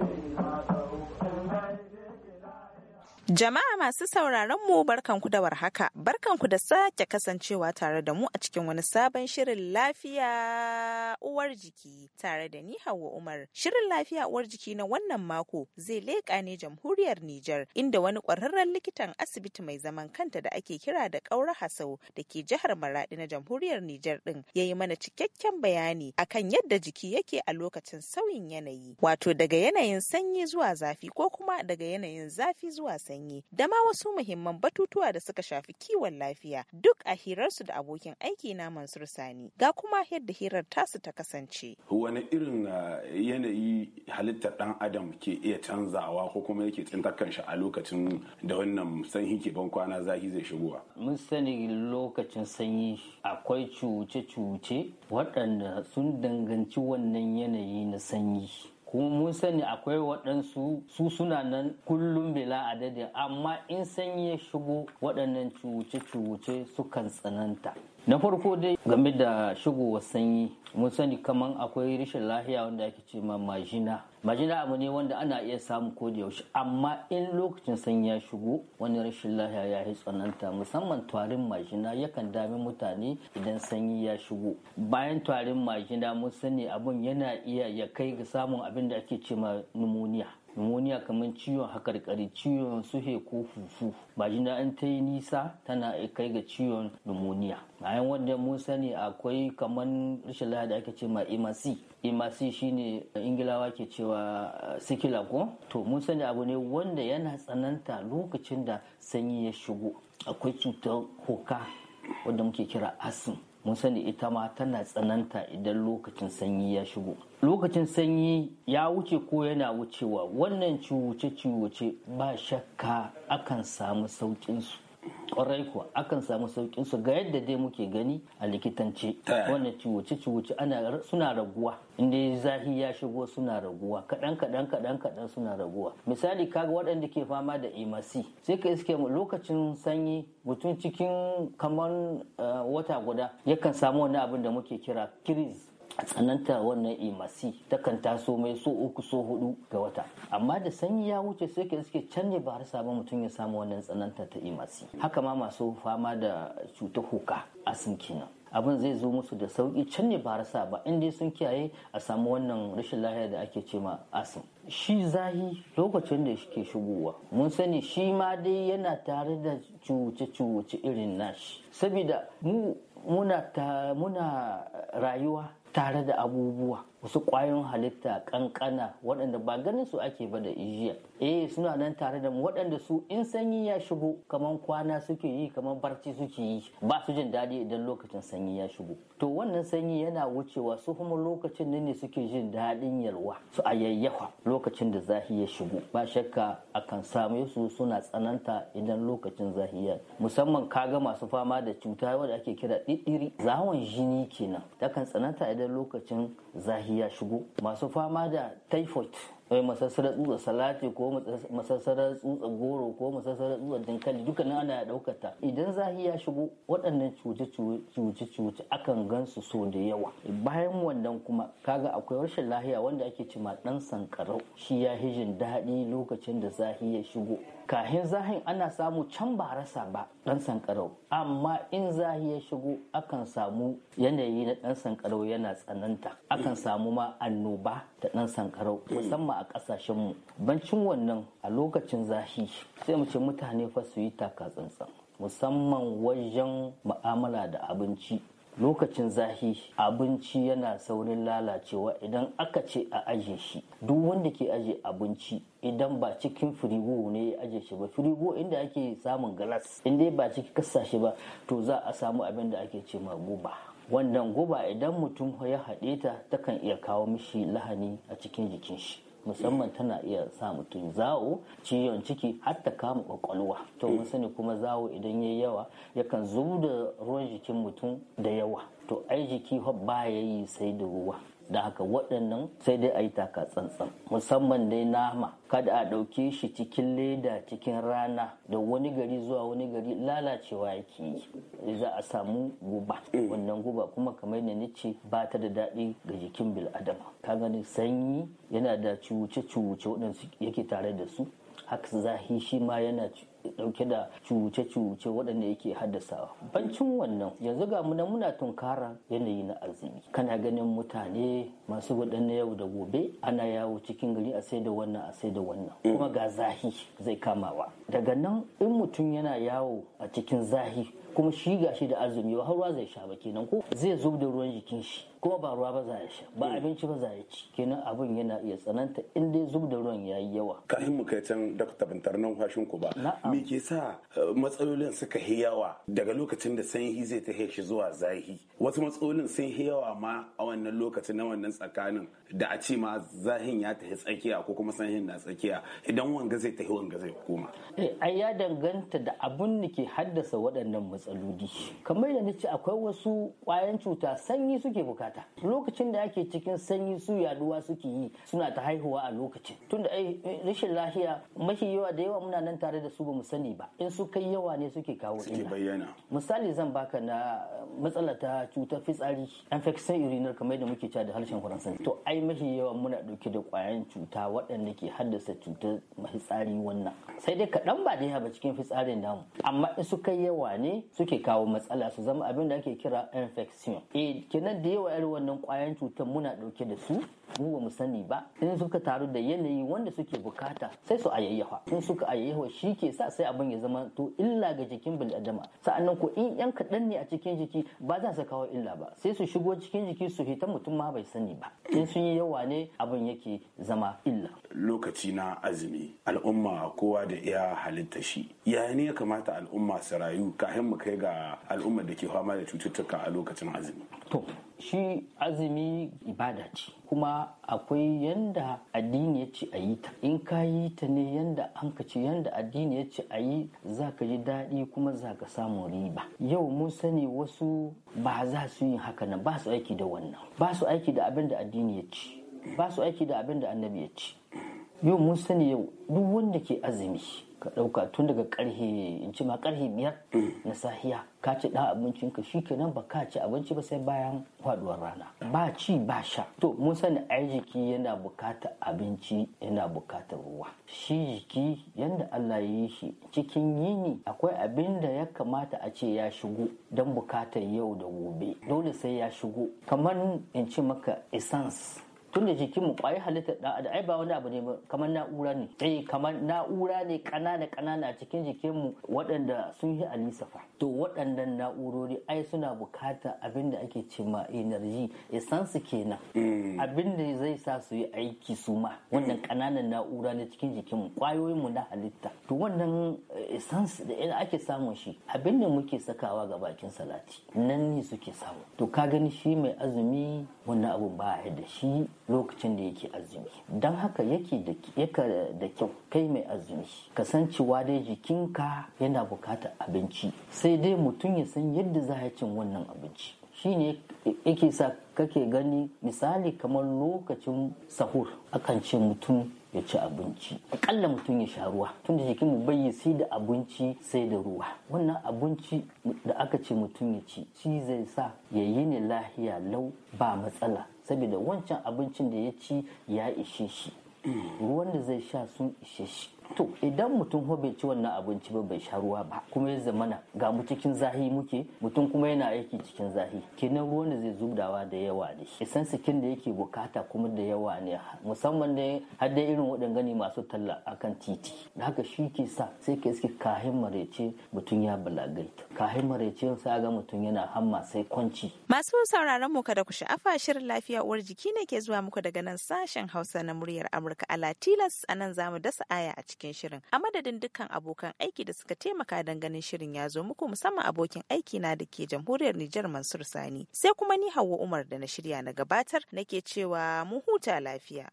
living in Jama'a masu sauraron mu barkanku da warhaka, barkanku da sake kasancewa tare da mu a cikin wani sabon shirin lafiya uwar jiki tare da ni Hauwa Umar. Shirin lafiya uwar jiki na wannan mako zai leƙa ne jamhuriyar Nijar inda wani ƙwararren likitan asibiti mai zaman kanta da ake kira da Ƙaura Hasau da ke jihar Maradi na jamhuriyar Nijar ɗin ya yi mana cikakken bayani akan yadda jiki yake a lokacin sauyin yanayi, wato daga yanayin sanyi zuwa zafi ko kuma daga yanayin zafi zuwa sanyi. sanyi da ma wasu muhimman batutuwa da suka shafi kiwon lafiya duk a hirarsu da abokin aiki na Mansur Sani. Ga kuma yadda hirar tasu ta kasance. Wani irin ah, yanayi halittar ɗan adam ke iya canzawa ko kuma yake tsintar kanshi a lokacin da wannan sanyi ke ban kwana zafi zai shigowa. Mun sani lokacin sanyi akwai cuce-cuce waɗanda sun danganci wannan yanayi na sanyi. kuma mun sani akwai waɗansu su suna nan kullum bila adadin amma in sanyi ya shigo waɗannan cuwuce-cuwuce sukan tsananta na farko dai game da shigowar sanyi mun sani kamar akwai rashin lahiya wanda ake ce ma majina majina abu ne wanda ana iya samu ko da yaushe amma in lokacin sanyi ya shigo wani rashin lahiya ya yi tsananta musamman tarin majina yakan dami mutane idan sanyi ya shigo bayan tarin majina mun sani abun yana iya ya kai ga samun abin da ake ce ma pneumonia pneumonia kamar ciwon hakarkari ciwon suhe ko fufu ba majina an ta yi nisa tana kai ga ciwon pneumonia bayan wanda mun sani akwai kamar rashin lahadi ake ce ma MRC MRC shine ingilawa ke cewa sikila eh, ko to mun sani abu ne wanda yana tsananta lokacin da sanyi ya shigo akwai cutar koka wanda muke kira asin mun sani ita ma tana tsananta idan lokacin sanyi ya shigo lokacin sanyi ya wuce ko yana wucewa wannan ciwuce-ciwuce ba shakka akan samu sauƙinsu kwarai kuwa akan samu saukin su ga yadda dai muke gani a likitance wannan ciwoce ciwoce ana suna raguwa inda zahi ya shigo suna raguwa kaɗan kaɗan kaɗan kaɗan suna raguwa misali kaga waɗanda ke fama da emc sai ka iske mu lokacin sanyi mutum cikin kamar eh, wata guda yakan samu wani abin da muke kira kiris tsananta wannan imasi takan taso mai so uku so hudu ga wata amma da sanyi ya wuce sai ka suke canje ba har sabon mutum ya samu wannan tsananta ta imasi haka ma masu fama da cutar huka asim kenan abin zai zo musu da sauki can ne ba rasa ba in sun kiyaye a samu wannan rashin lahiya da ake ce ma asin. shi zahi lokacin da ke shigowa mun sani shi ma dai yana tare da cuce-cuce irin nashi saboda mu muna rayuwa tare da abubuwa wasu ƙwayoyin halitta ƙanƙana waɗanda ba ganin su ake ba da ijiya eh suna nan tare da mu waɗanda su in sanyi ya shigo kaman kwana suke yi kamar barci suke yi ba su jin daɗi idan lokacin sanyi ya shigo to wannan sanyi yana wucewa su kuma lokacin ne suke jin daɗin yalwa su a yayyafa lokacin da zahi ya shigo ba shakka akan same su suna tsananta idan lokacin zahi ya musamman kaga masu fama da cuta wanda ake kira ɗiɗiri zawon jini kenan takan tsananta idan sai lokacin zahi shigo masu fama da typhoid mai eh, masassarar tsutsa salati ko masassarar tsutsa goro ko masassarar tsutsa dankali dukkanin ana daukata idan zahi shigo waɗannan cuce-cuce akan gansu so da yawa bayan wannan kuma kaga akwai rashin lahiya wanda ake cima ɗan sankarau shi ya hijin daɗi lokacin da zahi shigo kahin zahin ana samu can ba rasa ba dan sankarau amma in zahi ya shigo akan samu yanayi na dan sankarau yana tsananta akan samu ma annoba da dan sankarau musamman a kasashen mu bancin wannan a lokacin zahi sai mu ce mutane fa su yi taka tsantsan musamman wajen mu'amala da abinci lokacin zahi abinci yana saurin lalacewa idan aka ce a aje shi duk wanda ke aje abinci idan ba cikin firigo ne ya aje shi ba firigo inda ake samun galas inda ba cikin kasashe ba to za a samu abin da ake ce guba wannan guba idan mutum ya haɗe ta takan iya kawo mishi lahani a cikin jikin shi musamman tana iya sa mutum zawo ciwon ciki har ta kama kwakwalwa to mun mm. sani kuma zawo idan yayi yawa yakan zub da ruwan jikin mutum da yawa to ai jiki ba ya yi sai da ruwa da haka waɗannan sai dai a yi taka tsantsan musamman dai nama kada a ɗauke shi cikin leda cikin rana da wani gari zuwa wani gari lalacewa yake yi za a samu guba eh. wannan guba kuma kamar yadda ni ce ba ta da daɗi ga jikin bil'adama ka gani sanyi yana da ciwuce-ciwuce waɗanda yake tare da su haka zahi shi ma yana dauke da cuce-cuce waɗanda yake haddasawa bancin wannan yanzu ga muna muna tunkara yanayi na azumi kana ganin mutane masu waɗanda yau da gobe ana yawo cikin gari a sai da wannan a sai da wannan mm. kuma ga zahi zai kamawa daga nan in mutum yana yawo a cikin zahi kuma shi gashi da azumi ba har ruwa zai sha ba kenan ko zai zub da ruwan jikin shi kuma ba ruwa ba za ya sha ba mm. abinci ba za ya ci kenan abun yana iya tsananta in dai zub da ruwan yayi yawa kafin mu kai can dakta bantar kwashin ku ba me ke sa eh, matsalolin suka hi daga lokacin da sanyi zai ta shi zuwa zahi wasu matsalolin sun hi ma a wannan lokacin na wannan tsakanin da a ce ma zahin ya tafi tsakiya ko kuma sanyin na tsakiya idan wanga zai tafi wanga zai koma eh, ai ya danganta da abun da ke haddasa waɗannan matsalolin tsaludi. kamar da nace akwai wasu kwayan cuta sanyi suke bukata lokacin da ake cikin sanyi su yaduwa suke yi suna ta haihuwa a lokacin tunda ai eh, eh, rashin lafiya mafi yawa da yawa muna nan tare da su bamu sani ba in su kai yawa ne suke kawo illa misali zan baka na matsala ta cutar fitsari infection irinar kamar da muke cewa da harshen faransanci to ai mafi yawa muna dauke da kwayan cuta waɗanda ke haddasa cutar mafitsari wannan sai dai kaɗan ba da ba cikin fitsarin namu amma in su kai yawa ne suke kawo matsala su zama abin da ake kira infection eh kenan da yawa irin wannan kwayan cutar muna ɗauke da su mu ba mu sani ba in suka taru da yanayi wanda suke bukata sai su ayayyafa in suka ayayyafa shi ke sa sai abin ya zama to illa ga jikin bil'adama sa'annan ko in yan kaɗan ne a cikin jiki ba za su kawo illa ba sai su shigo cikin jiki su hita mutum ma bai sani ba in sun yi yawa ne abin yake zama illa lokaci na azumi al'umma kowa da iya halitta shi yaya ne ya kamata al'umma su rayu kafin mu kai ga al'umma da ke fama da cututtuka a lokacin azumi to shi azumi ibada ce kuma akwai yanda addini ya ce a yi ta in ka yi ta ne yanda an ka ce yanda addini ya ce a yi za ka ji daɗi kuma za ka samu riba yau mun sani wasu ba za su yi haka nan ba su aiki da wannan ba su aiki da abin da addini ya ce ba su aiki da abin da annabi ya ce yau mun sani yau duk wanda ke azumi ka ɗauka tun daga karhe in ci ma karhe biyar na sahiya ka ci ɗan abincin ka shi kenan ba ka ci abinci ba sai bayan faduwar rana ba ci ba sha to mun sani ai jiki yana buƙatar abinci yana bukatar ruwa shi jiki yanda Allah ya yi shi cikin yini akwai abin da ya kamata a ce ya shigo don bukatar yau da gobe dole sai ya shigo kamar in ci maka essence tunda jikinmu kwayoyin halitta da ai ba wani abu ne kamar na'ura ne eh kamar na'ura ne kanana kanana a cikin jikinmu waɗanda sun yi alisafa to waɗannan na'urori ai suna bukata abin da ake ce ma energy essence kenan mm. abin da zai sa su yi aiki su ma wannan kananan mm. na'ura ne cikin jikinmu kwayoyinmu na halitta to wannan eh, essence da ina ake samun shi abin da muke sakawa ga bakin salati nan ne suke samu to ka gani shi mai azumi wannan abun ba da shi lokacin da yake azumi don haka yake da kyau kai mai azumi kasancewa dai jikinka yana bukatar abinci sai dai mutum ya san yadda za a cin wannan abinci shi shine yake sa kake gani misali kamar lokacin sahur akan ce mutum ya ci abinci akalla mutum ya sha ruwa tunda jikin mu bai sai da abinci sai da ruwa wannan abinci da aka ce mutum ya ci shi zai sa ya yi ne lahiya lau ba matsala saboda wancan abincin da ya ci ya ishe shi ruwan da zai sha sun ishe shi to idan mutum ko bai ci wannan abinci ba bai sha ruwa ba kuma ya zamana ga mu cikin zahi muke mutum kuma yana aiki cikin zahi kenan ruwan da zai zubdawa da yawa ne isan sikin da yake bukata kuma da yawa ne musamman ne har da irin gani masu talla akan titi da haka shi ke sa sai ka iske kahin marece mutum ya balagaita kahin marece sai ga mutum yana hamma sai kwanci masu sauraron mu kada ku sha'afa shirin lafiya uwar jiki ne ke zuwa muku daga nan sashen Hausa na muryar Amurka a Latilas a nan zamu dasa aya a cikin cikin shirin. A madadin dukkan abokan aiki da suka taimaka don ganin shirin ya zo muku musamman abokin aiki na da ke jamhuriyar Nijar Mansur Sani. Sai kuma ni Hauwa Umar da na shirya na gabatar nake cewa mu huta lafiya.